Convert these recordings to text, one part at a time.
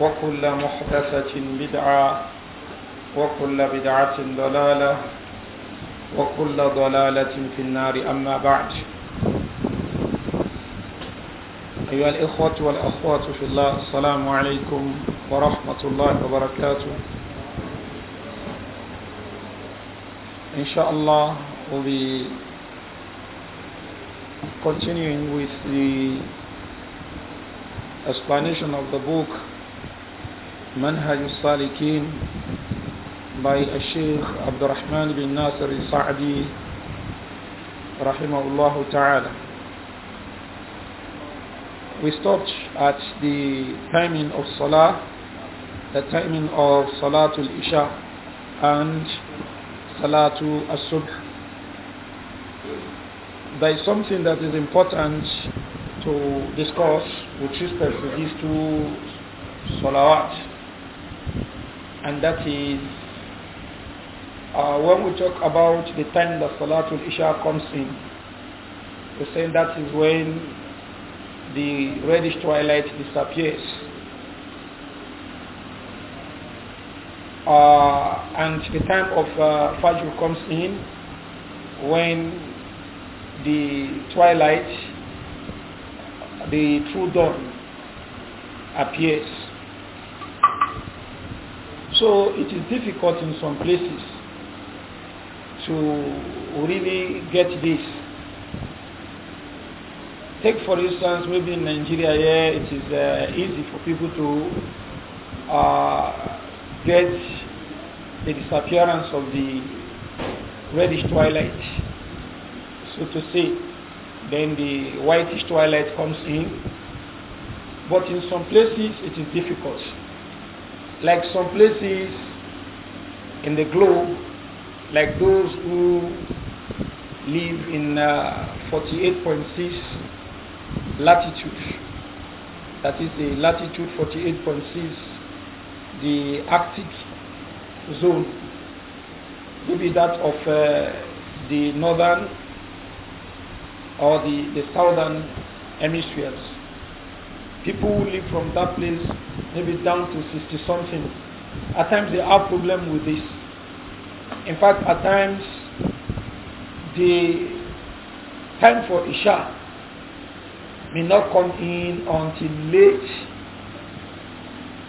وكل محدثة بدعة وكل بدعة ضلالة وكل ضلالة في النار أما بعد أيها الإخوة والأخوات في الله السلام عليكم ورحمة الله وبركاته إن شاء الله we'll be continuing with the explanation of the book منهج السالكين by الشيخ عبد الرحمن بن ناصر السعدي رحمه الله تعالى we stopped at the timing of Salah, the timing of Salatul Isha and Salatul As-Subh. There is something that is important to discuss with respect to these two Salawat and that is uh, when we talk about the time that Salatul Isha comes in, we say that is when the reddish twilight disappears. Uh, and the time of uh, Fajr comes in when the twilight, the true dawn appears. So it is difficult in some places to really get this. Take for instance, maybe in Nigeria here yeah, it is uh, easy for people to uh, get the disappearance of the reddish twilight, so to say. Then the whitish twilight comes in. But in some places it is difficult like some places in the globe, like those who live in uh, 48.6 latitude, that is the latitude 48.6, the Arctic zone, maybe that of uh, the northern or the, the southern hemispheres. People who live from that place maybe down to 60 something. At times they have problem with this. In fact, at times the time for Isha may not come in until late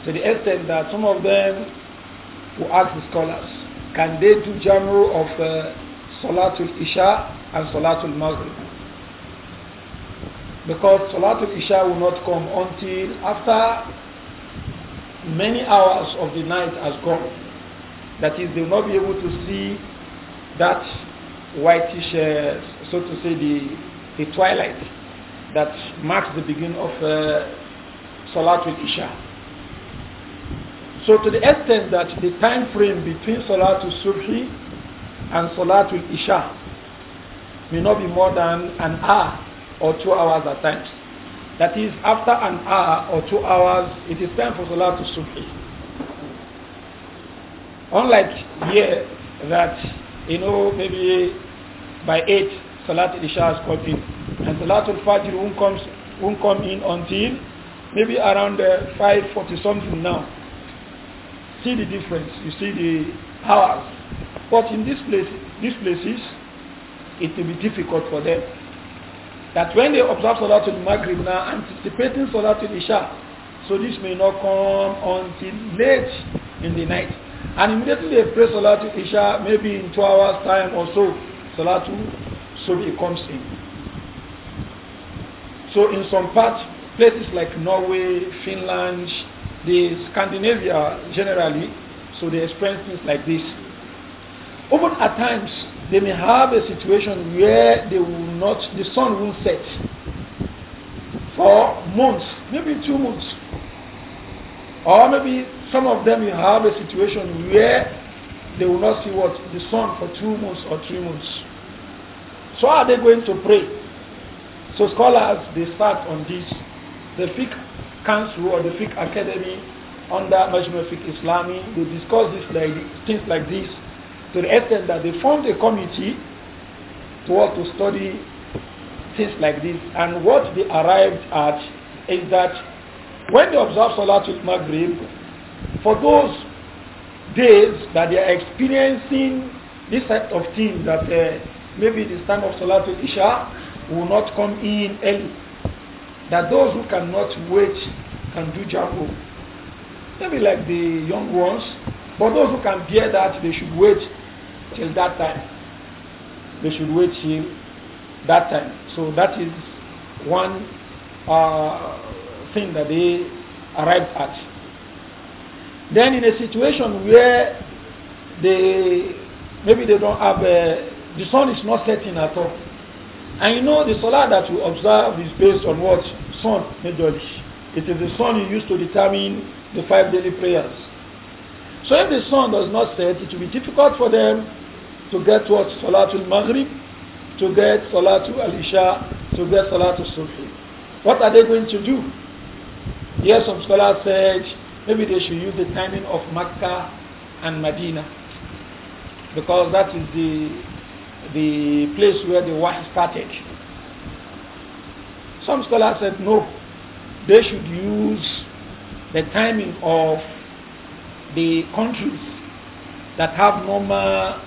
to the extent that some of them will ask the scholars, can they do general of uh, Salatul Isha and Salatul Maghrib? because Salatul Isha will not come until after many hours of the night has gone. That is, they will not be able to see that whitish, uh, so to say, the, the twilight that marks the beginning of uh, Salatul Isha. So to the extent that the time frame between Salatul Subhi and Salatul Isha may not be more than an hour or two hours at times. That is, after an hour or two hours, it is time for Salah to Subhi. Unlike here, that, you know, maybe by 8, Salat Isha has come in. And al Fajr won't come, won't come in until maybe around uh, 5.40 something now. See the difference. You see the hours. But in this place, these places, it will be difficult for them that when they observe Salatul Maghrib now, anticipating Salatul Isha, so this may not come until late in the night. And immediately they pray Salatul Isha, maybe in two hours time or so, Salatul Subhi comes in. So in some parts, places like Norway, Finland, the Scandinavia generally, so they experience things like this. Even at times, they may have a situation where they will not, the sun won't set for months, maybe two months. Or maybe some of them will have a situation where they will not see what the sun for two months or three months. So are they going to pray? So scholars they start on this. The Fiqh Council or the Fiqh Academy under Majmu Fiqh Islami they discuss this like, things like this to the extent that they formed a committee to, to study things like this. And what they arrived at is that when they observe Salatul Maghrib, for those days that they are experiencing this type of thing that uh, maybe the time of Salatul Isha will not come in early, that those who cannot wait can do jambo. Maybe like the young ones, but those who can bear that, they should wait till that time. They should wait till that time. So that is one uh, thing that they arrived at. Then in a situation where they maybe they don't have a, uh, the sun is not setting at all, and you know the solar that you observe is based on what sun majorly. It is the sun you use to determine the five daily prayers. So if the sun does not set, it will be difficult for them to get what? Salatul Maghrib, to get Salatul Al-Isha, to get Salatul Sufi. What are they going to do? Yes, some scholars said maybe they should use the timing of Makkah and Medina because that is the, the place where the war started. Some scholars said no, they should use the timing of the countries that have normal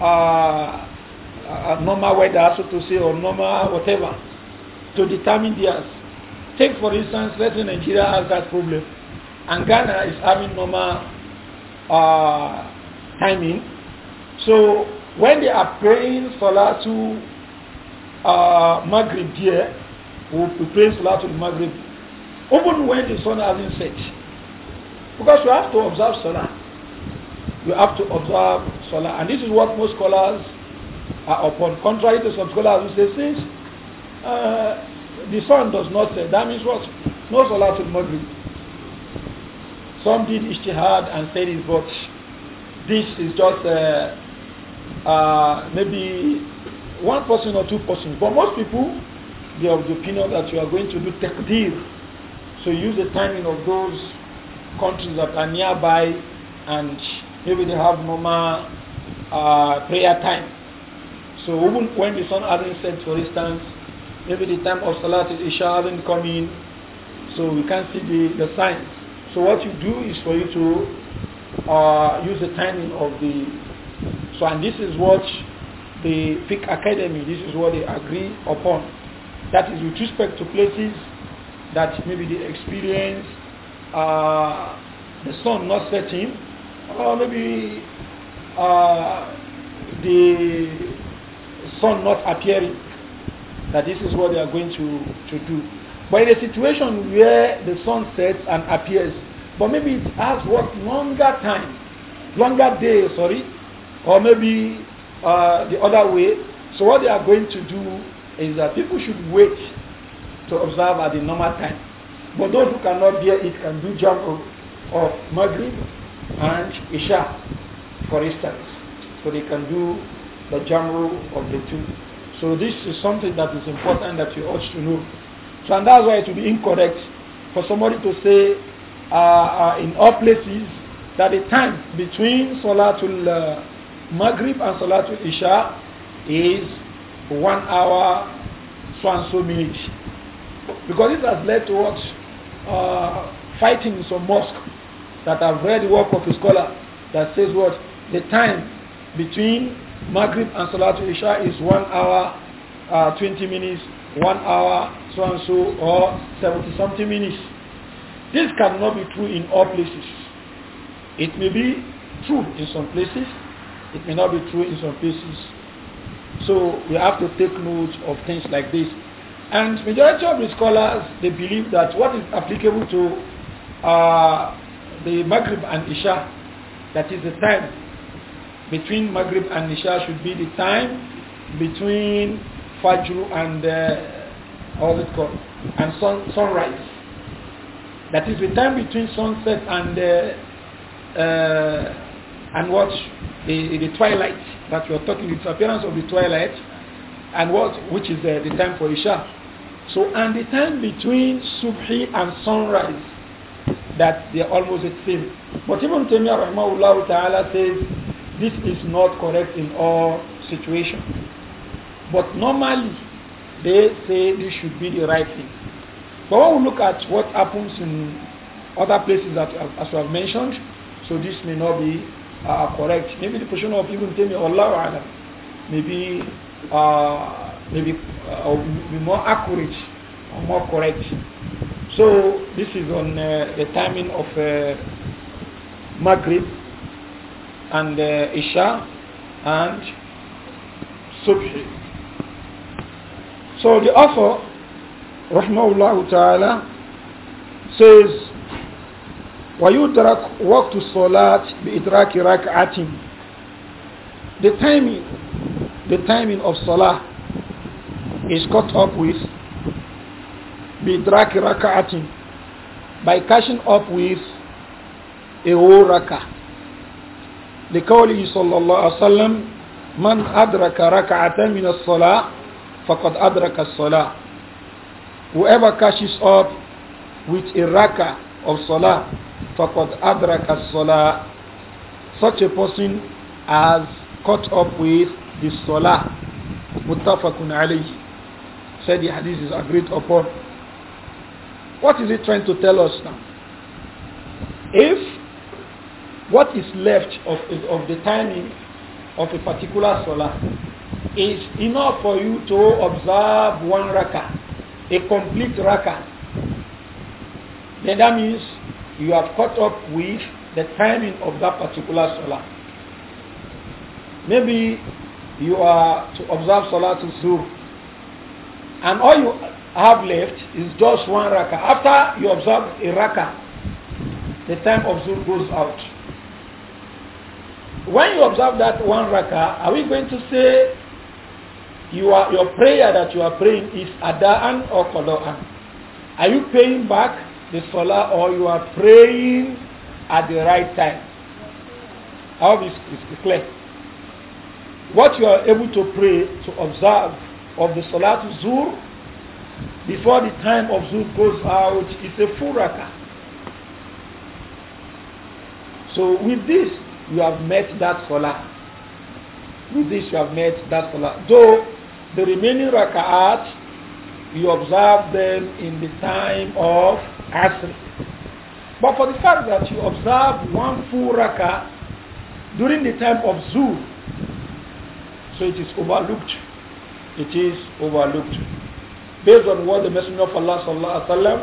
a normal weather, so to say, or normal whatever, to determine theirs. Take, for instance, let's say Nigeria has that problem, and Ghana is having normal uh, timing. So when they are praying Salah to uh, Maghrib here, we pray Salah to Maghrib, even when the sun hasn't set. Because you have to observe Salah you have to observe Salah. And this is what most scholars are upon. Contrary to some scholars who say, since uh, the sun does not set, that means what? No Salah to Maghrib. Some did Ishtihad and said it, but this is just uh, uh, maybe one person or two persons. But most people, they are of the opinion that you are going to do takdir. So use the timing of those countries that are nearby and Maybe they have normal uh, prayer time. So even when the sun hasn't set, for instance, maybe the time of Salat Isha hasn't come in, so we can't see the, the signs. So what you do is for you to uh, use the timing of the... So and this is what the Fiqh Academy, this is what they agree upon. That is with respect to places that maybe they experience uh, the sun not setting, or uh, maybe uh, the sun not appearing, that this is what they are going to, to do. But in a situation where the sun sets and appears, but maybe it has worked longer time, longer day, sorry, or maybe uh, the other way. So what they are going to do is that people should wait to observe at the normal time. But those who cannot bear it can do jump of, of Maghrib and Isha, for instance. So they can do the jamru of the two. So this is something that is important that you ought to know. So and that's why it would be incorrect for somebody to say uh, uh, in all places that the time between Salatul uh, Maghrib and Salatul Isha is one hour so and so minutes. Because this has led to what? Uh, fighting in some mosque that I've read the work of a scholar that says what the time between Maghrib and Salatul Isha is one hour, uh, 20 minutes, one hour, so and so, or 70 something minutes. This cannot be true in all places. It may be true in some places, it may not be true in some places. So we have to take note of things like this. And majority of the scholars, they believe that what is applicable to uh, the Maghrib and Isha, that is the time between Maghrib and Isha should be the time between Fajr and uh, all it called and sun, sunrise. That is the time between sunset and uh, uh, and what the, the twilight that we are talking, the appearance of the twilight, and what which is the, uh, the time for Isha. So and the time between Subhi and sunrise that they are almost the same. But Ibn Taymiyyah rahimahullah ta'ala says this is not correct in all situations. But normally they say this should be the right thing. But when we look at what happens in other places that as we have mentioned, so this may not be uh, correct. Maybe the position of Ibn Taymiyyah Allah alam, maybe uh, maybe uh, more accurate or more correct. So this is on uh, the timing of uh, Maghrib and uh, Isha and Subh. So the author, Rahmahullah Ta'ala, says, ويدرك وقت الصلاة بإدراك ركعة The timing, the timing of Salah is caught up with بإدراك ركعة by catching up with a whole rakah لقوله صلى الله عليه وسلم من أدرك ركعة من الصلاة فقد أدرك الصلاة whoever catches up with a rakah of salah faqad adraka salah such a person has caught up with the salah muttafaqun عليه. said the hadith is agreed upon what is it trying to tell us now? If what is left of, of the timing of a particular solar is enough for you to observe one raka, a complete raka, then that means you have caught up with the timing of that particular solar. Maybe you are to observe to Zuhr and all you have left is just one raka. After you observe a raka, the time of zul goes out. When you observe that one raka, are we going to say you are, your prayer that you are praying is adaan or Kolo'an? Are you paying back the salah or you are praying at the right time? I hope it's clear. What you are able to pray, to observe of the salah zul before the time of Zuhr goes out, it's a full raka. So with this, you have met that salah. With this, you have met that salah. Though the remaining raka'at, you observe them in the time of Asr. But for the fact that you observe one full raka during the time of Zuhr, so it is overlooked. It is overlooked based on what the Messenger of Allah sallallahu alaihi wasallam,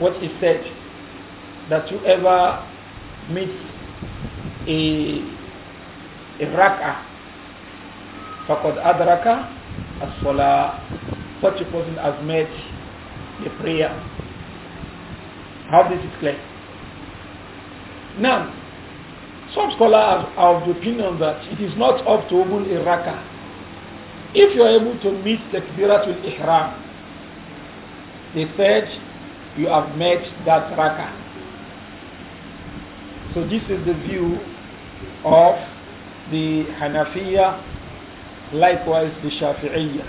what he said, that whoever meets a, a raka, faqad adraka as such a person has met the prayer. How this is clear. Now, some scholars are of the opinion that it is not up to even a raka if you are able to meet Takbiratul Ihram, they said you have met that raka. So this is the view of the Hanafiya, likewise the Shafi'iyya,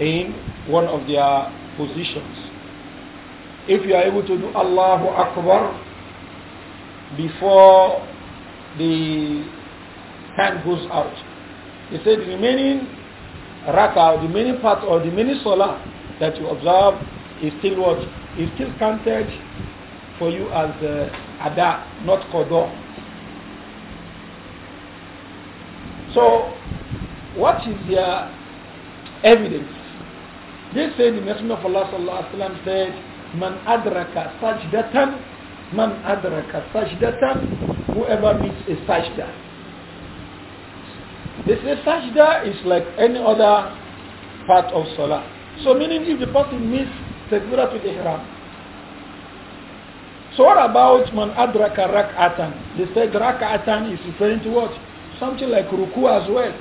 in one of their positions. If you are able to do Allahu Akbar before the hand goes out, he said the remaining raka, the remaining part or the remaining solar that you observe is still what? Is still counted for you as uh, ada, not qadar. So, what is their evidence? They say the Messenger of Allah sallallahu alaihi wasallam said, "Man adraka sajdatan, man adraka sajdatan, whoever meets a sajda." They say sajda is like any other part of salah. So meaning if the person misses the ihram. So what about man adraka rak'atan? They said rak'atan is referring to what? Something like ruku as well.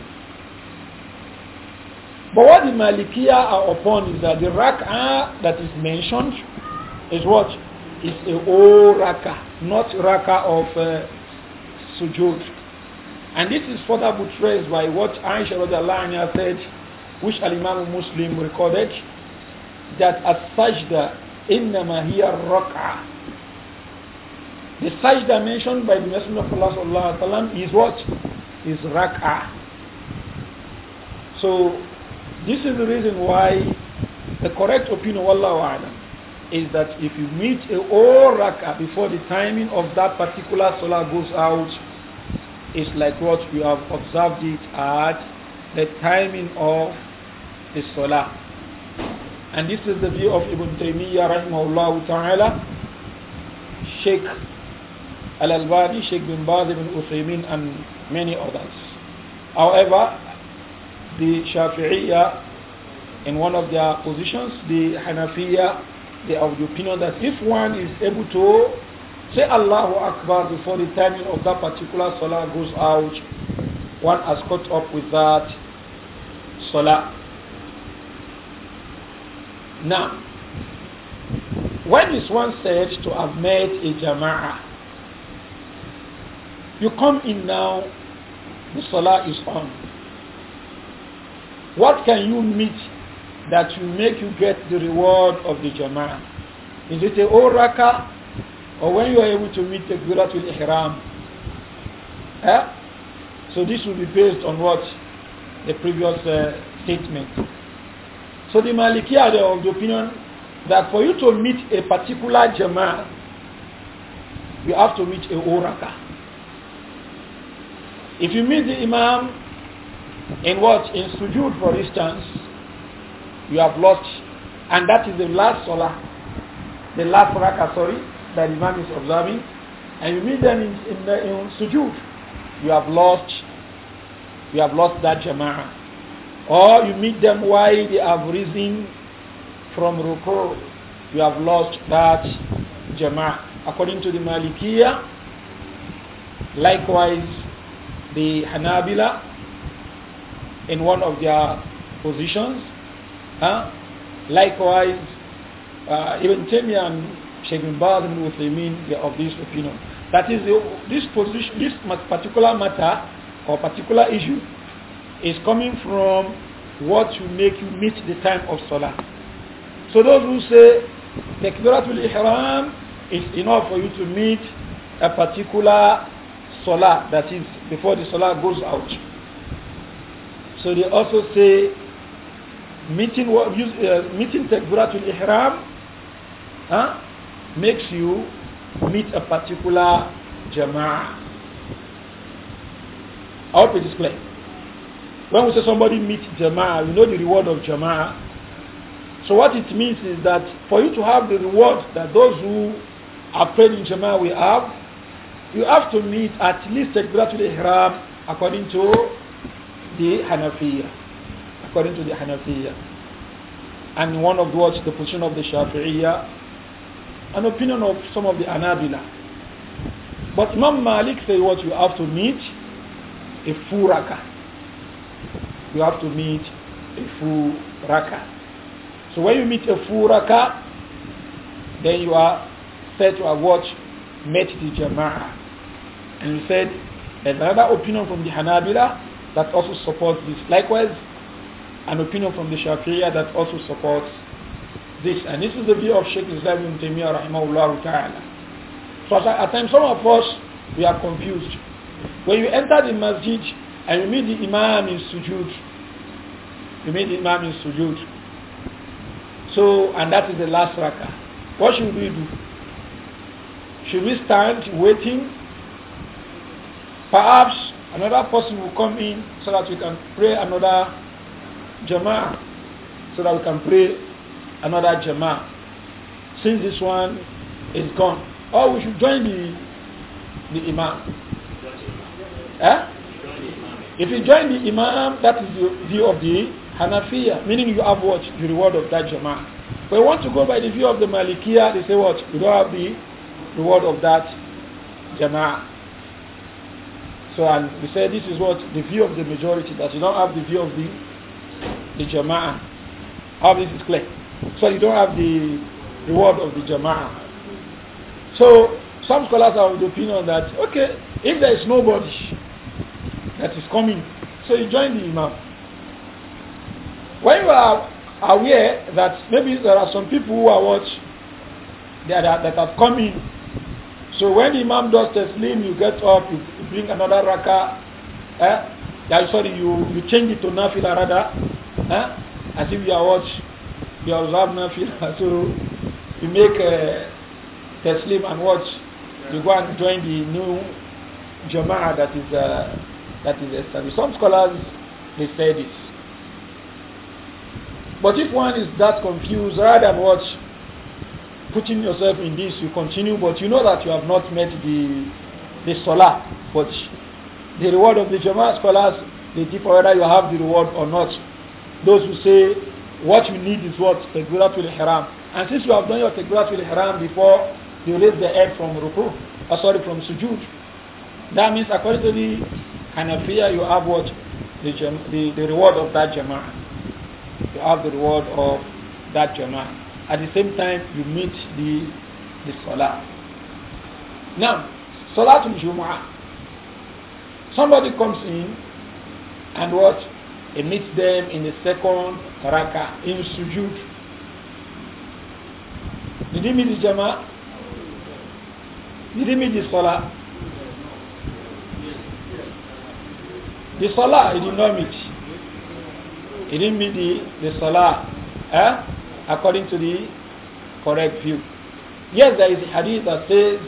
But what the Malikiya are upon is that the rak'ah that is mentioned is what? Is a whole rak'ah, not rak'ah of uh, sujood. And this is further buttressed by what Aisha Radalanya said, which Al-Imam Muslim recorded, that as-sajda innama hiya rak'ah. The sajda mentioned by the Messenger of Allah sallallahu alaihi wasallam is what? Is rak'ah. So this is the reason why the correct opinion of Allah is that if you meet a whole rak'ah before the timing of that particular salah goes out, is like what you have observed it at the timing of the salah. And this is the view of Ibn Taymiyyah rahimahullah ta'ala, Sheikh Al-Albani, Sheikh bin Baz ibn Uthaymin, and many others. However, the Shafi'iyya in one of their positions, the Hanafiya, they have the opinion that if one is able to say Allahu Akbar before the timing of that particular salah goes out, one has caught up with that salah. Now, when is one said to have made a jama'a? you come in now, the salah is on. What can you meet that will make you get the reward of the jama'a? Is it a whole rakah or when you are able to meet Takbiratul Ihram. Eh? So this will be based on what? The previous uh, statement. So the Maliki are of the opinion that for you to meet a particular Jama'ah, you have to meet a Oraka. If you meet the Imam in what? In Sujood, for instance, you have lost, and that is the last Salah, the last Raka, sorry, that Imam is observing and you meet them in, in, the, in sujood, you have lost you have lost that jama'ah. Or you meet them while they have risen from ruku, you have lost that jama'ah. According to the Malikia, likewise the Hanabila in one of their positions, huh? likewise uh, Ibn Taymiyyah Sheikh bin and Uthaymeen of this opinion. That is, the, this, position, this particular matter or particular issue is coming from what will make you meet the time of Salah. So those who say Takbiratul Ihram is enough for you to meet a particular Salah, that is, before the Salah goes out. So they also say meeting, uh, meeting Takbiratul Ihram huh? makes you meet a particular jama'ah. I hope it is clear. When we say somebody meets jama'ah, you know the reward of jama'ah. So what it means is that for you to have the reward that those who are praying in jama'ah will have, you have to meet at least Takbiratul Ihram according to the Hanafiya. According to the Hanafiya. And one of the words, the position of the Shafi'iyah an opinion of some of the Anabila. But Imam Malik said what you have to meet a full raka. You have to meet a full raka. So when you meet a full raka, then you are said to have watched met the jama'ah. And you said there's another opinion from the Hanabila that also supports this. Likewise, an opinion from the Shafi'iyah that also supports this. And this is the view of Sheikh Islam ibn Taymiyyah rahimahullah ta'ala. So at times some of us, we are confused. When you enter the masjid and you meet the imam in sujud, you meet the imam in sujud. So, and that is the last rakah. What should we do? Should we stand waiting? Perhaps another person will come in so that we can pray another jama'ah so that we can pray another jamaah. Since this one is gone. Or oh, we should join the, the Imam. Eh? If you join the Imam, that is the view of the Hanafiya, meaning you have what? The reward of that Jama'ah. But want to go by the view of the Malikiya, they say what? You don't have the reward of that Jama'ah. So, and we say this is what? The view of the majority, that you don't have the view of the, the Jama'ah. All this is clear? So you don't have the reward of the jama'ah. So some scholars are of the opinion that, okay, if there is nobody that is coming, so you join the imam. When you are aware that maybe there are some people who are watching, that, that, that have come in, so when the imam does the slim, you get up, you, you bring another raka, eh? Yeah, sorry, you, you change it to nafila rather, eh? as if you are watching you observe nothing, So you make a uh, Taslim and watch. You go and join the new Jama'ah that is, uh, that is established. Some scholars, they say this. But if one is that confused, rather than watch, putting yourself in this, you continue, but you know that you have not met the, the Salah. But the reward of the Jama'ah scholars, they differ whether you have the reward or not. Those who say what you need is what? Takbiratul haram, And since you have done your Takbiratul haram before you raise the head from Ruku, or uh, sorry, from Sujud, that means according to the fear you have what? The, the, the reward of that Jama'ah. You have the reward of that Jama'ah. At the same time, you meet the, the Salah. Now, Salatul Jumu'ah. Somebody comes in and what? He meets them in the second raka in sujud. Did he meet the Jama? Did he meet the Salah? The Salah he did not meet. He didn't meet the, the Salah eh? according to the correct view. Yes, there is a hadith that says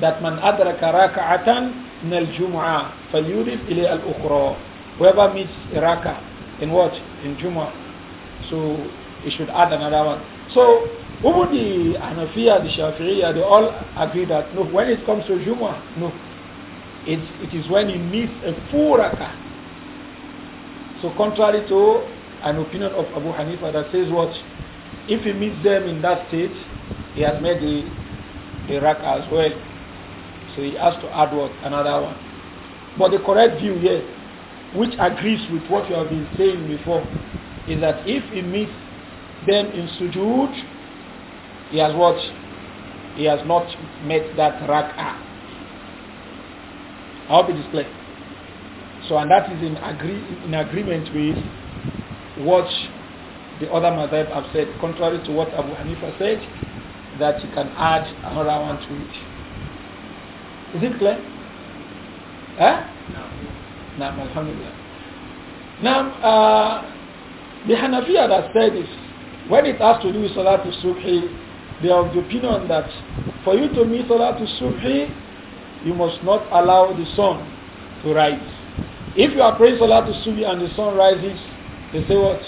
that man adraka raka'atan min al-jum'ah falyudif ilay al-ukhra. Whoever meets Iraqa in what? In Juma. So he should add another one. So even the Hanafiya, the Shafi'iyya, they all agree that no, when it comes to Juma, no. It, it is when you meets a full raka. So contrary to an opinion of Abu Hanifa that says what? If he meets them in that state, he has made the, the as well. So he has to add what? Another one. But the correct view, here which agrees with what you have been saying before, is that if he meets them in sujood, he has what? He has not met that rak'ah. I hope it is clear. So, and that is in, agree, in agreement with what the other madhab have said, contrary to what Abu Hanifa said, that you can add another one to it. Is it clear? Huh? Naam, alhamdulillah. Now, uh, the Hanafiya that said this, when it has to do with Salatul Subhi, they are of the opinion that for you to meet Salatul Subhi, you must not allow the sun to rise. If you are praying Salatul Subhi and the sun rises, they say what?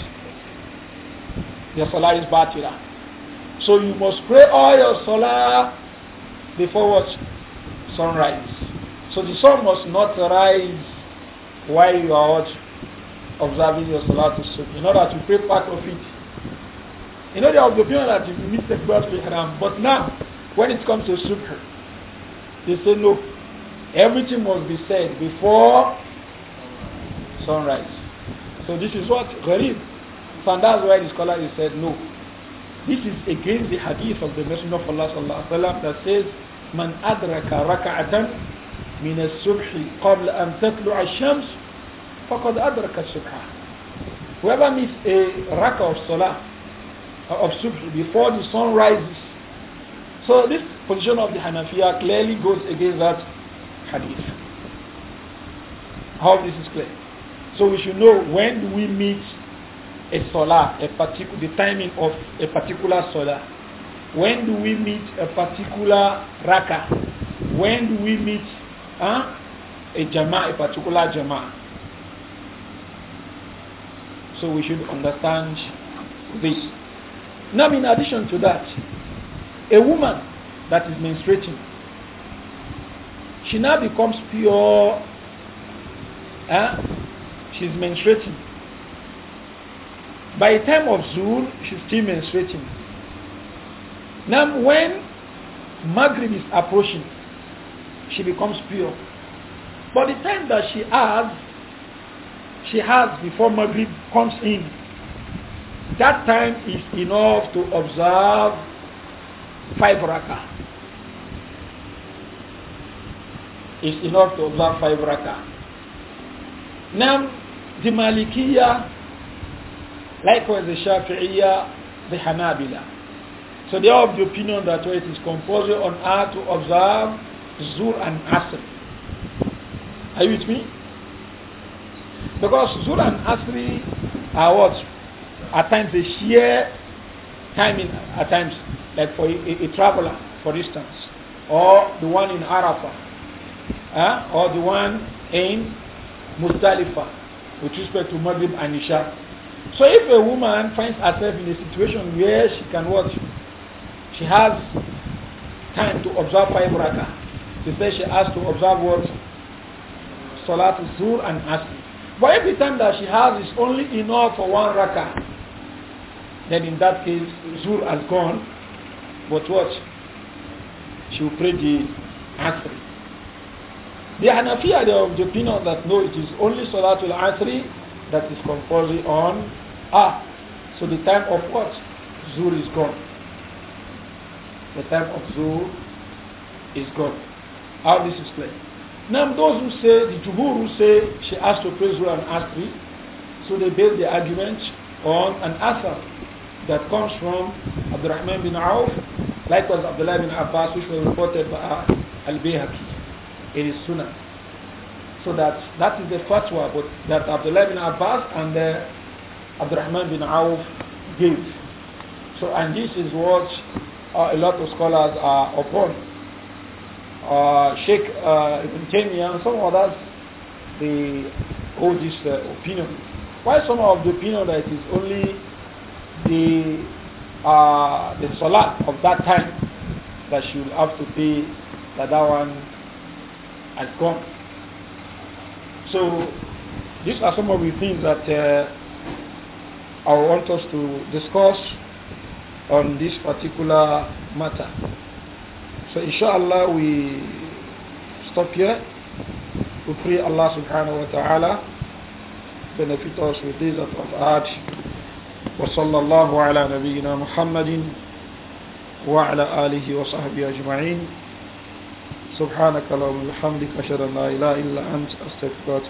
Your Salah is batira. So you must pray all your Salah before what? Sunrise. So the sun must not rise while you are observing your salah to You In order to pray part of it. You know there the opinion that you meet the birth haram. But now, when it comes to Subh, they say no. Everything must be said before sunrise. So this is what Gharib. and that's why the scholar is said no. This is against the hadith of the Messenger of Allah sallallahu alaihi wasallam that says, "Man adraka raka'atan من الصبح قبل أن تطلع الشمس فقد أدرك الصبح whoever misses a raka' of salah uh, of subh before the sun rises so this position of the Hanafiya clearly goes against that hadith how this is clear so we should know when do we meet a salah a particular the timing of a particular salah when do we meet a particular raka when do we meet huh? a jama, a particular jama. So we should understand this. Now, in addition to that, a woman that is menstruating, she now becomes pure. Huh? She's menstruating. By the time of Zul, she's still menstruating. Now, when Maghrib is approaching, she becomes pure. But the time that she has, she has before Maghrib comes in, that time is enough to observe five raka. It's enough to observe five raka. Now, the Malikiya, likewise the Shafi'iyya, the Hanabila. So they are of the opinion that it is compulsory on her to observe Zul and Asr. Are you with me? Because Zul and Asri are what? At times they share time in, at times, like for a, a, a traveler, for instance, or the one in Arafah, eh? or the one in Muzdalifah, with respect to Maghrib and Isha. So if a woman finds herself in a situation where she can watch, she has time to observe five rakah, she said she has to observe what? Salat Zuhr and Asr. But every time that she has is only enough for one rakat. then in that case, Zuhr has gone, but what? She will pray the Asr. The Hanafi are of the opinion that no, it is only Salatul asr that is compulsory on Ah. So the time of what? Zuhr is gone. The time of Zuhr is gone. How this is played. Now those who say, the Jumhur who say she has to praise Surah and Asri, so they base the argument on an asar that comes from Abdurrahman bin Auf, likewise Abdullah bin Abbas, which was reported by Al-Bayhaqi in his Sunnah. So that, that is the fatwa but that Abdullah bin Abbas and uh, Abdurrahman bin Auf gave. So, and this is what uh, a lot of scholars are upon uh, Sheikh uh, Ibn Taymiyyah and some others, they hold this uh, opinion. Why some of the opinion that it is only the uh, the salat of that time that she will have to pay that that one has gone. So these are some of the things that uh, I want us to discuss on this particular matter. فإن شاء الله stop here. We pray Allah subhanahu wa ta'ala benefit us with وصلى الله على نبينا محمد وعلى آله وصحبه أجمعين سبحانك اللهم وبحمدك أشهد أن لا إله إلا أنت أستغفرك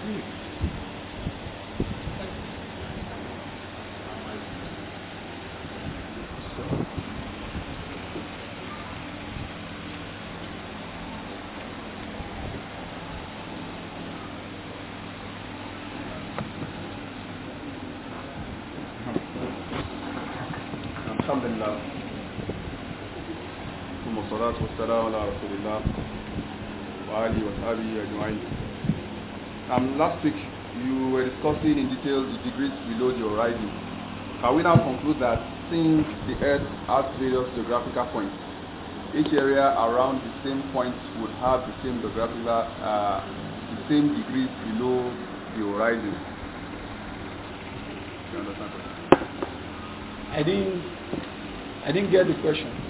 Um, last week you were discussing in detail the degrees below the horizon. Can we now conclude that since the Earth has various geographical points, each area around the same point would have the same geographical, uh, the same degrees below the horizon? I didn't, I didn't get the question.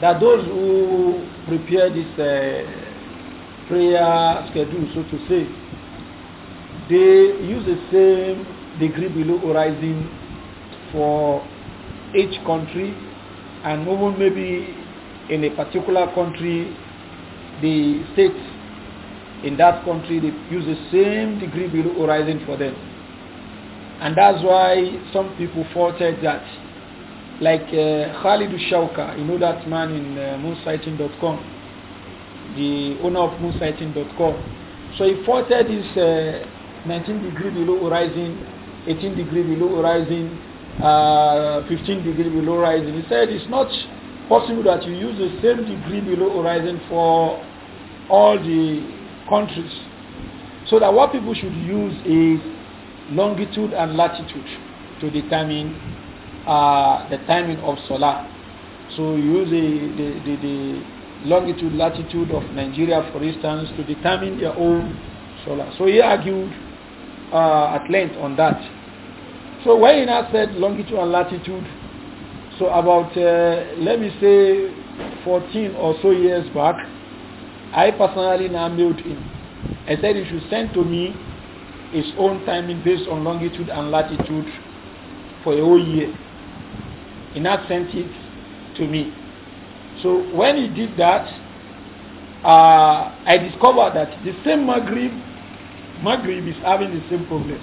that those who prepare this uh, prayer schedule, so to say, they use the same degree below horizon for each country and even maybe in a particular country, the states in that country, they use the same degree below horizon for them. And that's why some people faulted that like uh, Khalid Shauka, you know that man in uh, moonsighting.com, the owner of moonsighting.com. So he faulted his uh, 19 degree below horizon, 18 degree below horizon, uh, 15 degree below horizon. He said it's not possible that you use the same degree below horizon for all the countries. So that what people should use is longitude and latitude to determine uh, the timing of solar. So you use the, the, the, the longitude, latitude of Nigeria, for instance, to determine your own solar. So he argued uh, at length on that. So when he now said longitude and latitude, so about, uh, let me say, 14 or so years back, I personally now mailed him. I said he should send to me his own timing based on longitude and latitude for a whole year. He now sent it to me. So when he did that, uh, I discovered that the same Maghrib, Maghrib is having the same problem.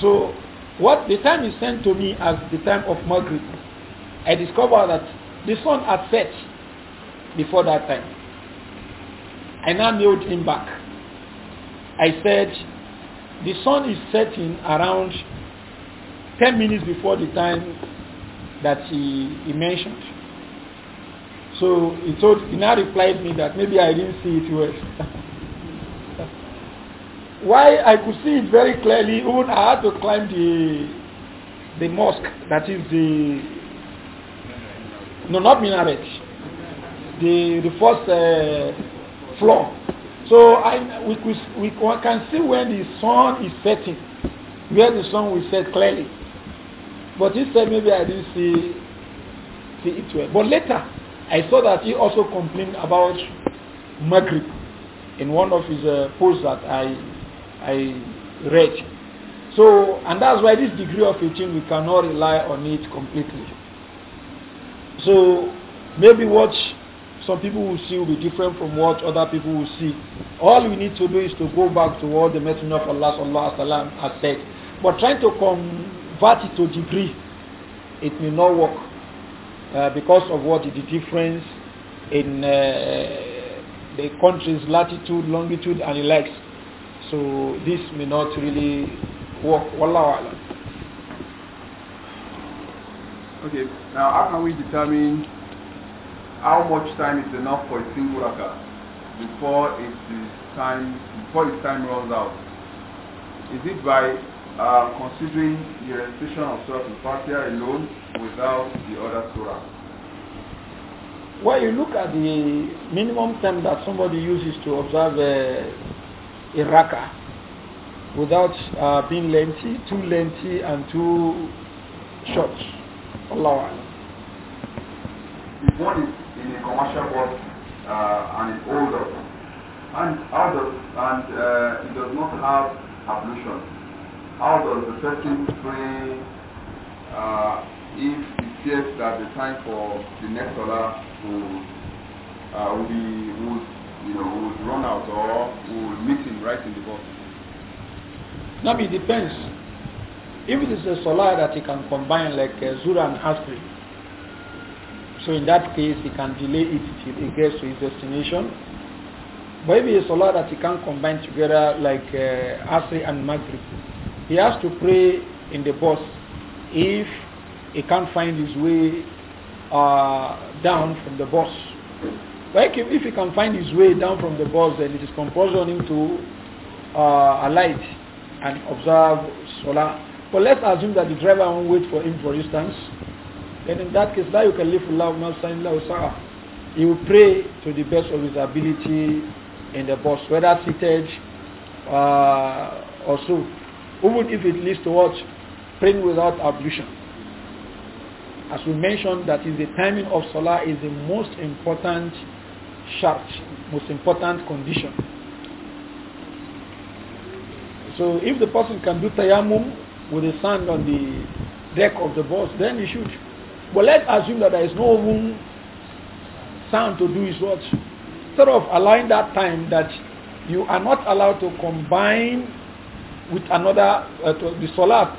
So what the time he sent to me as the time of Maghrib, I discovered that the sun had set before that time. I now mailed him back. I said, the sun is setting around 10 minutes before the time that he, he mentioned. So he told, he now replied me that maybe I didn't see it well. Why I could see it very clearly, even I had to climb the the mosque, that is the no, not minaret, the the first uh, floor. So I we could, we can see when the sun is setting, where the sun will set clearly. But he said, maybe I didn't see, see it well. But later, I saw that he also complained about Maghrib in one of his uh, posts that I, I read. So, and that's why this degree of a we cannot rely on it completely. So, maybe what some people will see will be different from what other people will see. All we need to do is to go back to what the Messenger of Allah has said. But trying to come convert it to degree, it may not work uh, because of what is the difference in uh, the country's latitude, longitude, and the likes. So this may not really work. Wallahu alam. Okay, now how can we determine how much time is enough for a single raka before it is time before its time runs out? Is it by uh, considering the recitation of Surah Al-Fatiha alone without the other Surah? Well, you look at the minimum time that somebody uses to observe uh, a raka without uh, being lengthy, too lengthy and too short. Allah. If one is in a commercial work uh, and is older, and, older, and uh, it does not have ablution, how does the person pray uh, if it's just that the time for the next solar would uh, be you know would run out or would meet him right in the bus? Now it depends. If it is a solar that he can combine like uh, Zura and Asri, so in that case he can delay it till he gets to his destination. But if it is a solar that he can combine together like uh, Asri and Maghrib, he has to pray in the bus if he can't find his way uh, down from the bus. Like if, he can find his way down from the bus, then it is compulsory on him to uh, alight and observe Salah. But let's assume that the driver won't wait for him, for instance. Then in that case, now you can live Allah He will pray to the best of his ability in the bus, whether seated uh, or so even if it leads towards Praying without ablution. As we mentioned, that is the timing of Salah is the most important shart, most important condition. So if the person can do tayammum with the sand on the deck of the boat, then he should. But let's assume that there is no room sand to do his what. Instead of allowing that time that you are not allowed to combine with another uh, the salat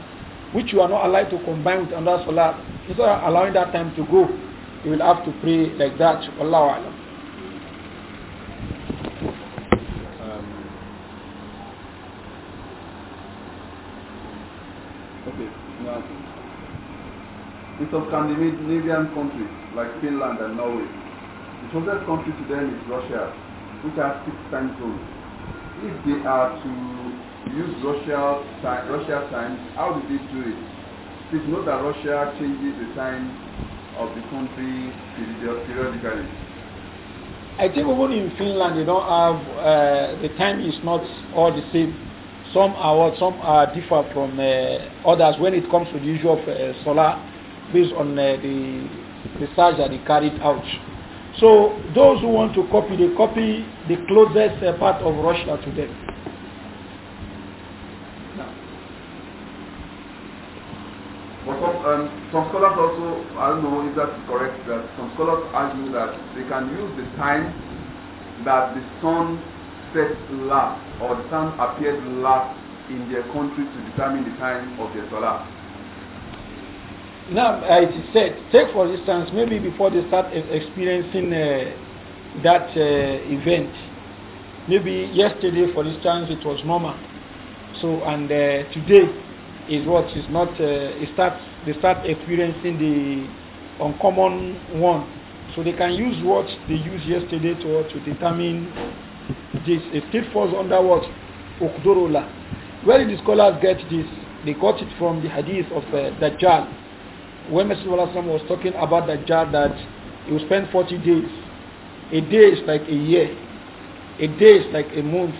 which you are not allowed to combine with another salat instead of allowing that time to go you will have to pray like that Allah alam um, okay now some of Scandinavian countries like Finland and Norway the closest country to them is Russia which has six time zones if they are to use Russia time, Russia time. How did they do it? Please note that Russia changes the time of the country periodically. I think even in Finland they don't have uh, the time is not all the same. Some are some are different from uh, others when it comes to the issue of uh, solar based on uh, the research that they carried out. So those who want to copy, they copy the closest uh, part of Russia to them. some scholars also, I don't know if that's correct, that some scholars argue that they can use the time that the sun set last or the sun appeared last in their country to determine the time of their salah. Now, as uh, you said, take for instance, maybe before they start experiencing uh, that uh, event, maybe yesterday, for instance, it was normal. So, and uh, today, is what is not uh, starts they start experiencing the uncommon one so they can use what they used yesterday to, to determine this it falls under what ukdurullah where did the scholars get this they got it from the hadith of uh, dajjal when Walasam was talking about dajjal that he will spend 40 days a day is like a year a day is like a month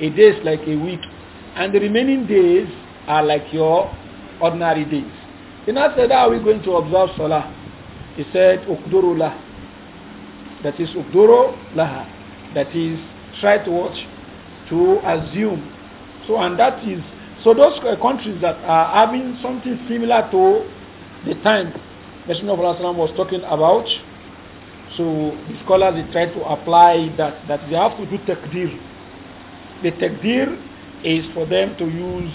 a day is like a week and the remaining days are like your ordinary days. He now said, How are we going to observe Salah? He said, Ukduru lah. That is Ukduru laha. That is try to watch, to assume. So, and that is, so those uh, countries that are having something similar to the time Messenger of Allah was talking about, so the scholars they try to apply that, that they have to do takdir. The takdir is for them to use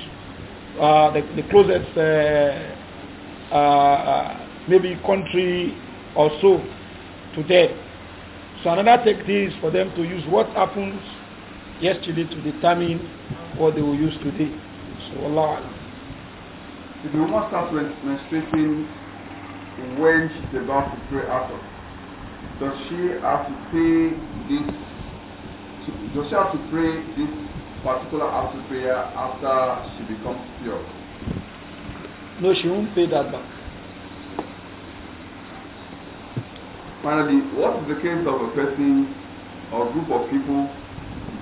uh, the, the closest uh, uh, uh, maybe country or so to So another technique is for them to use what happens yesterday to determine what they will use today. So Allah. Did the woman start menstruating when she's about to pray after? Does she have to pray this? Does she have to pray this particular after prayer after she becomes pure? No, she won't pay that back. Finally, what is the case of a person or group of people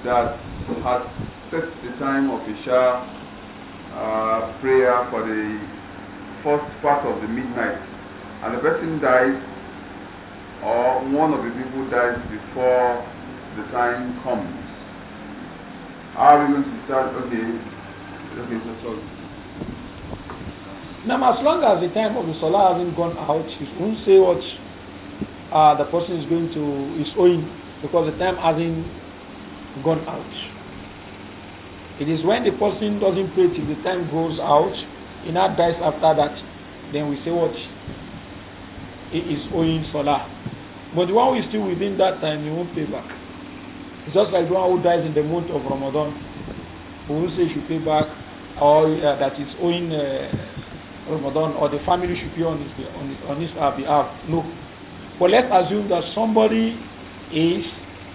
that had set the time of Isha uh, prayer for the first part of the midnight and the person dies or one of the people dies before the time comes? How are we going to okay, okay, so sorry. Now, as long as the time of the Salah hasn't gone out, you won't say what uh, the person is going to, is owing, because the time hasn't gone out. It is when the person doesn't pay till the time goes out, he now dies after that, then we say what? He is owing Salah. But the one who is still within that time, he won't pay back. It's just like the one who dies in the month of Ramadan, who will say should pay back all uh, that is owing uh, Ramadan or the family should pay on his, on his, on uh, behalf. No. But let's assume that somebody is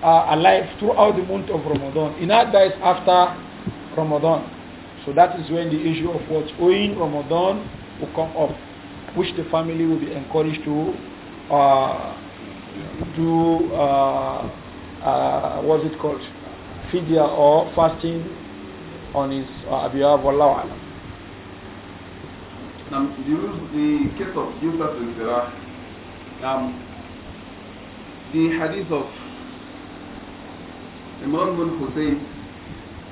uh, alive throughout the month of Ramadan. In that dies after Ramadan. So that is when the issue of what's owing Ramadan will come up, which the family will be encouraged to uh, do uh, uh, what's it called, fidya or fasting on his uh, behalf, Wallahu Alam. Now, the, the case of Yusuf bin Zirah, um, the hadith of Imran bin Hussein,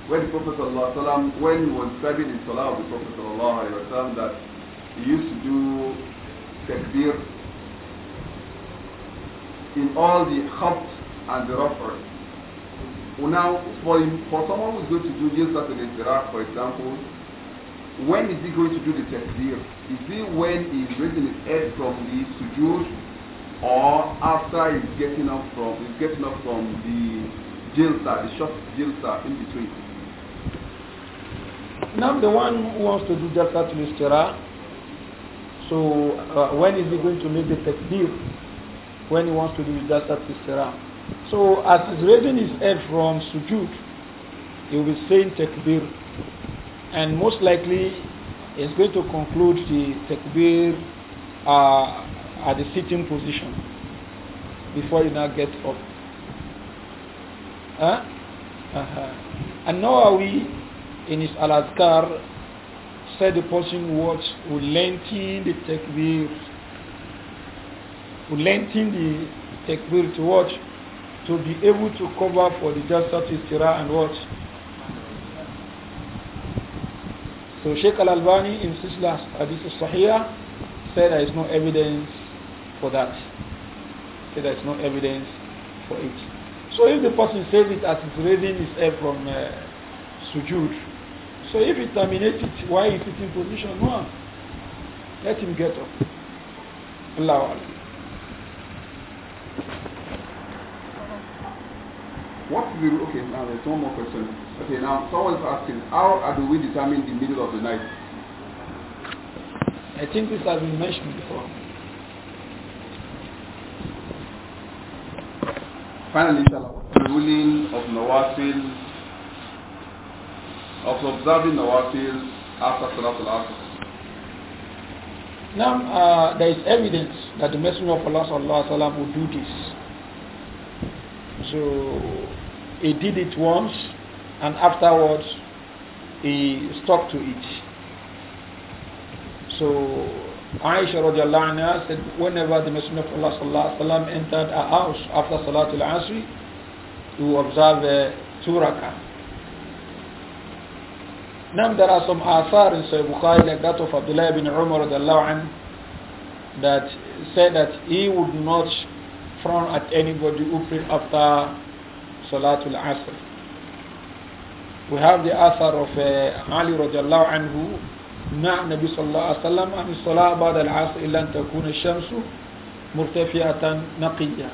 when the Prophet ﷺ, when he was serving in Salah of the Prophet ﷺ, that he used to do takbir in all the khabt and the reference now for for someone who's going to do just as an interact for example when is he going to do the takbir is he when he's raising his head from the sujood or after he's getting up from he's getting up from the jilsa the short jilsa in between now the one who wants to do just that to istira so uh, when is he going to make the takbir when he wants to do just that to istira so as he's raising his head from sujud, he will be saying takbir. And most likely he's going to conclude the takbir uh, at the sitting position before he now gets up. Huh? Uh-huh. And now are we in his al-azkar said the person watch will lengthen the takbir will lengthen the takbir to watch to be able to cover for the Jalsat Istira and what? So Sheikh Al Albani in Sisla Hadith Sahih said there is no evidence for that. Said there is no evidence for it. So if the person says it as he's raising his head from uh, sujood, so if he terminates it, why is it in position? one? Let him get up. Allahu Akbar. What is the okay? Now there's one more question. Okay, now someone is asking, how do we determine the middle of the night? I think this has been mentioned before. Finally, the ruling of Nawafil, of observing Nawafil after Salatul Asr. Now, uh, there is evidence that the Messenger of Allah sallallahu would do this. So he did it once and afterwards he stuck to it. So Aisha radiallahu anha said whenever the Messenger of Allah sallallahu sallam entered a house after Salatul Asr he would observe uh, two rakah. Now there are some athar in Sahih Bukhari like that of Abdullah ibn Umar radiallahu anhu that said that he would not frown at anybody who prayed after Salatul Asr. We have the Asr of uh, Ali radiallahu anhu, نع النبي صلى الله عليه وسلم عن الصلاة بعد العصر إلا أن تكون الشمس مرتفعة نقية.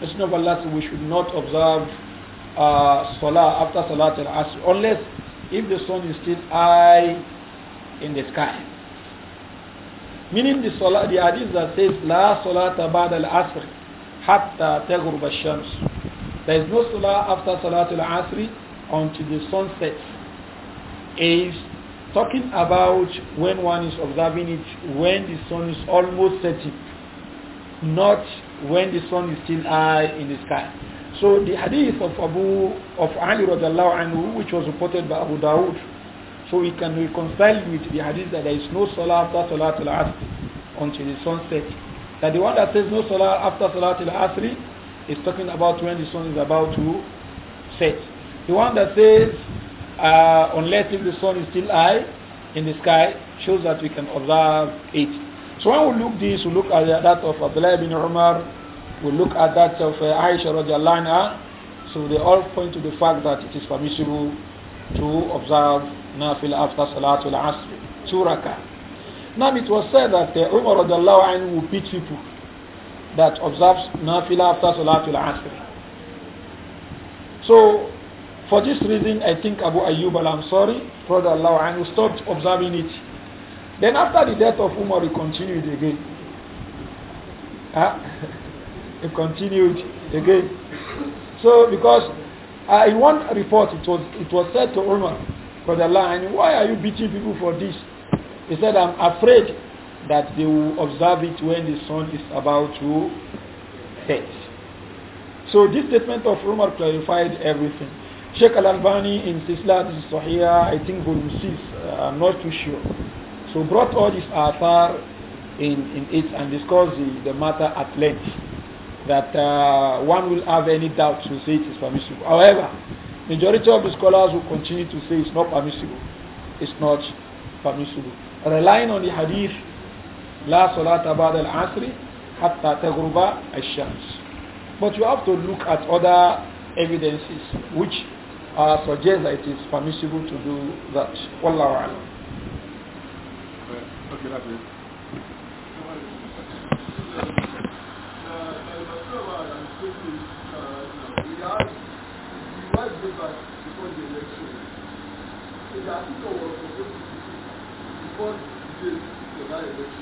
It's not Allah we should not observe uh, Salah after Salat al-Asr unless if the sun is still high in the sky. Meaning the, salah, the hadith that says لا صلاة بعد العصر حتى تغرب الشمس there is no salah after Salatul Asri until the sun sets. Is talking about when one is observing it when the sun is almost setting, not when the sun is still high in the sky. So the hadith of Abu of Ali radiallahu anhu, which was reported by Abu Dawood, so we can reconcile with the hadith that there is no salah after Salatul Asri until the sun sets. That the one that says no salah after Salatul Asri is talking about when the sun is about to set. The one that says, uh, unless if the sun is still high in the sky, shows that we can observe it. So when we look this, we look at that of Abdullah bin Umar, we look at that of uh, Aisha radiallahu anha, so they all point to the fact that it is permissible to observe nafil after Salatul Asr, two Now it was said that uh, Umar radiallahu anhu beat people that observes nafila after Salatul Asr. So, for this reason, I think Abu Ayyub al-Ansari, brother Allah, and stopped observing it. Then after the death of Umar, he continued again. Huh? he continued again. So, because uh, in one report, it was, it was said to Umar, brother Allah, why are you beating people for this? He said, I'm afraid that they will observe it when the sun is about to set. So this statement of Umar clarified everything. Sheikh Al-Albani in Sisla, this is Sahih, I think volume 6, uh, I'm not too sure. So brought all this athar in, in it and discussed the, the matter at length. That uh, one will have any doubts to say it is permissible. However, majority of the scholars will continue to say it's not permissible. It's not permissible. Relying on the hadith لا صلاة بعد العصر حتى تغرب الشمس but you have to look at other evidences which uh, suggest that it is permissible to do that wallahu alam okay, okay, Because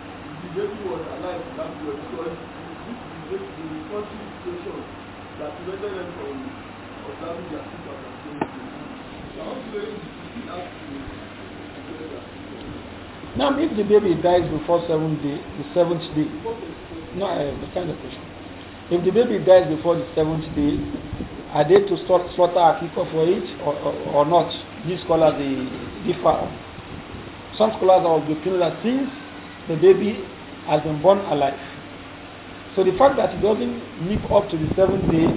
the was alive that year because this is the responsive situation that prevented them from observing their super and so on. So how to now, if the baby dies before seven day, the seventh day, no, I eh, understand the question. If the baby dies before the seventh day, are they to slaughter a kiko for it or, or, or not? These scholars they differ. Some scholars are of the opinion that since the baby has been born alive. So the fact that it doesn't live up to the seventh day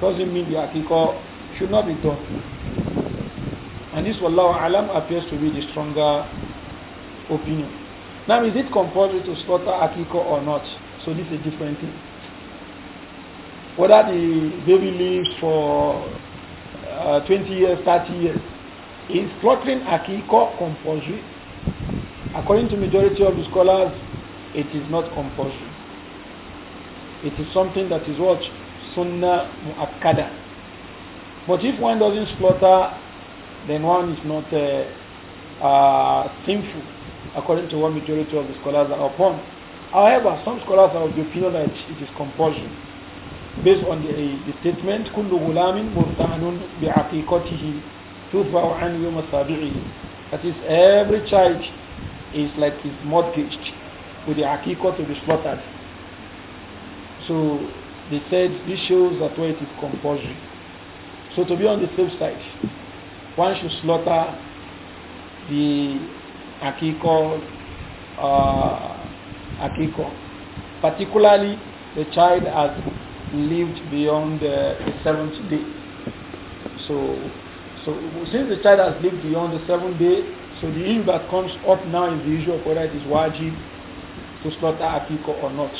doesn't mean the akiko should not be done. And this, wallahu alam, appears to be the stronger opinion. Now, is it compulsory to slaughter akiko or not? So this is a different thing. Whether the baby lives for uh, 20 years, 30 years, is slaughtering akiko compulsory? According to majority of the scholars, it is not compulsory. It is something that is what? Sunnah mu'akkada. But if one doesn't slaughter, then one is not uh, uh, sinful, according to what majority of the scholars are upon. However, some scholars are of the opinion that it is compulsory. Based on the, uh, the statement, كل غلام مرتهن بعقيقته ترفع عن يوم That is, every child is like it's mortgaged with the akiko to be slaughtered. So they said this shows that where it is compulsory. So to be on the safe side, one should slaughter the akiko, uh, akiko. Particularly, the child has lived beyond uh, the seventh day. So, so since the child has lived beyond the seventh day, so the issue that comes up now is the issue of whether it is wajib to slaughter akiko or not.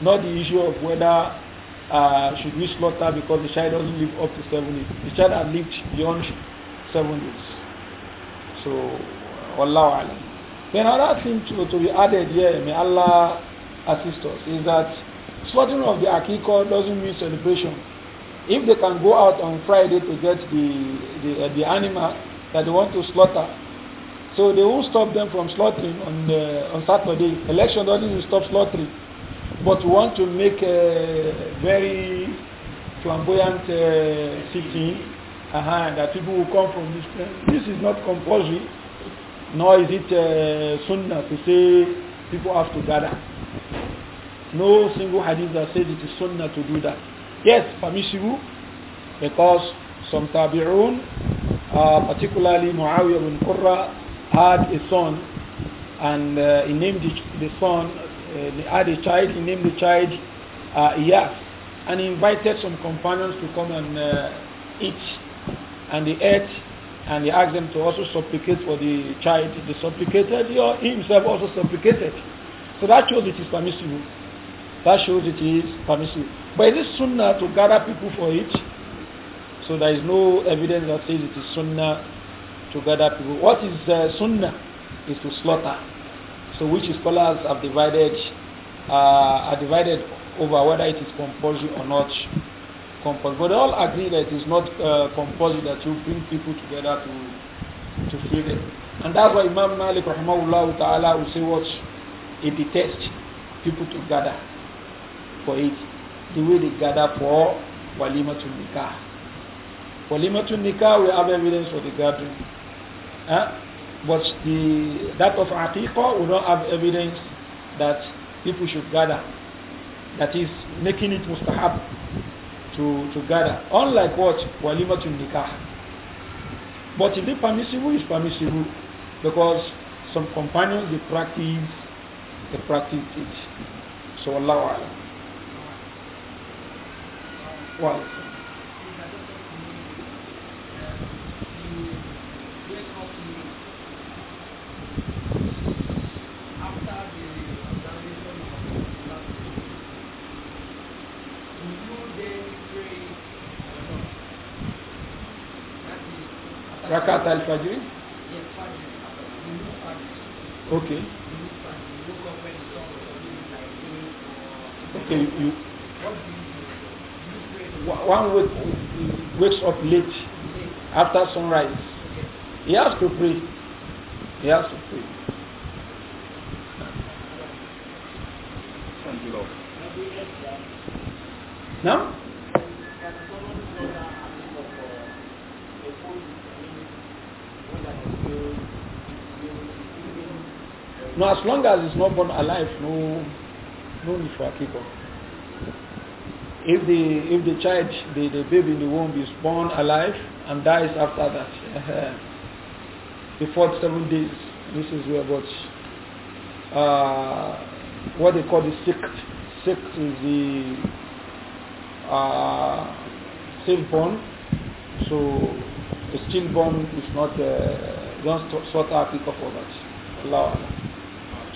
Not the issue of whether uh, should we slaughter because the child doesn't live up to seven days. The child has lived beyond seven days. So, Allah Alam. Then another thing to, to be added here, may Allah assist us, is that slaughtering of the akiko doesn't mean celebration. If they can go out on Friday to get the, the, uh, the animal that they want to slaughter, so they won't stop them from slaughtering on, the, uh, on Saturday. Election doesn't stop slaughtering. But we want to make a very flamboyant uh, city uh -huh, that people will come from this place. Uh, this is not compulsory, nor is it uh, sunnah to say people have to gather. No single hadith that says it is sunnah to do that. Yes, permissible, because some tabi'un, uh, particularly Muawiyah bin Qurra, had a son and uh, he named the, the son, uh, he had a child, he named the child uh, Iyas. And he invited some companions to come and uh, eat. And they ate and he asked them to also supplicate for the child. They supplicated, he himself also supplicated. So that shows it is permissible. That shows it is permissible. But is it sunnah to gather people for it? So there is no evidence that says it is sunnah to gather people. What is uh, sunnah is to slaughter. So which scholars have divided uh, are divided over whether it is compulsory or not compulsory. But they all agree that it is not uh, compulsory that you bring people together to to feed them. And that's why Imam Malik rahimahullah ta'ala will say what he detests people to gather for it. The way they gather for walima to nikah. Walima to nikah we have evidence for the gathering. But the that of Aqiqah, we don't have evidence that people should gather. That is making it mustahab to, to gather. Unlike what? Walimatun nikah. But if it's permissible, it's permissible. Because some companions, they practice, they practice it. So Allah Why? Rakat al Fajr? Okay. Okay, you, one wakes up late after sunrise. He has to pray. He has to pray. Now? Now, as long as it's not born alive, no, no need for keeper. If the if the child, the, the baby in the womb is born alive and dies after that, uh-huh, the fourth seven days, this is where what uh, what they call the sixth. Sixth is the uh, stillborn. So the stillborn is not uh, don't sort out for that. Allah.